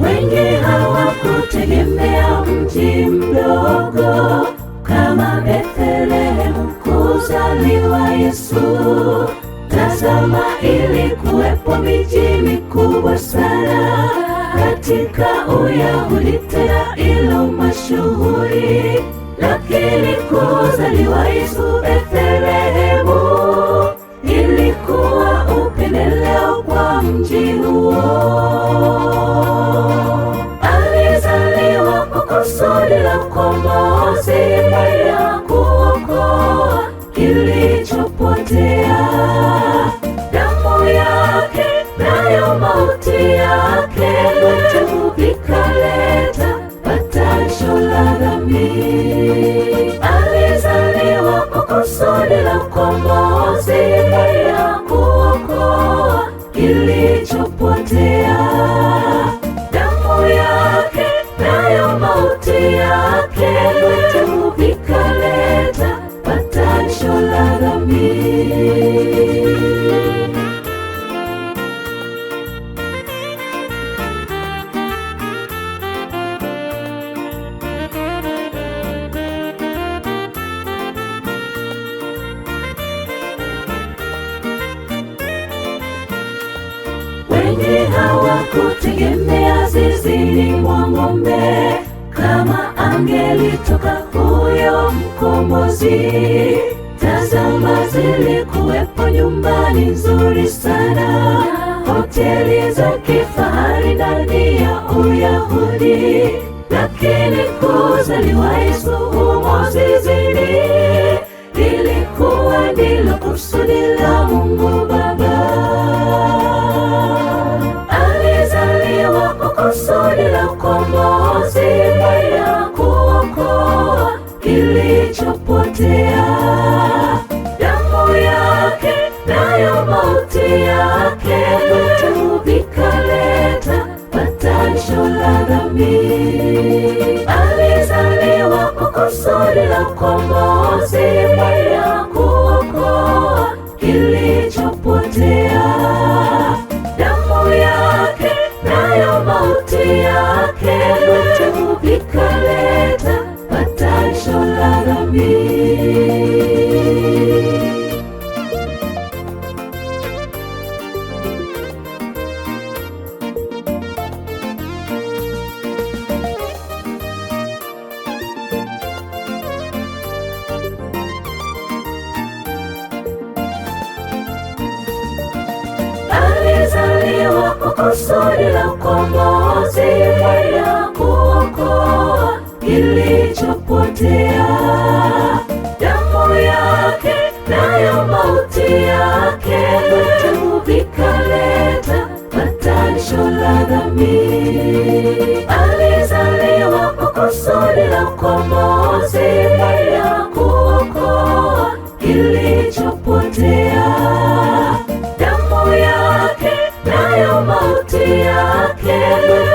Wengi hawakutegemea mji mdogo kama Bethlehemu kuzaliwa Yesu. Tazama, ilikuwepo miji mikubwa sana katika Uyahudi, tena ilo mashuhuri, lakini kuzaliwa Yesu Bethlehemu ilikuwa upendeleo kwa mji huo. hazina ya kuokoa kilichopotea. Damu yake nayo mauti yake kwetu ikaleta patasho la dhambi. Alizaliwa kwa kusudi la ukombozi mbuzi. Tazama, zilikuwepo nyumbani nzuri sana, hoteli za kifahari ndani ya Uyahudi, lakini kuzaliwa Yesu humo zizini lilikuwa ndilo kusudi la Mungu Baba. Alizaliwa kwa kusudi la ukombozi ndani yake vyote vikaleta patarisho la dhambi. Alizaliwa kwa kusudi la ukombozi kilichopotea, damu yake nayo mauti yake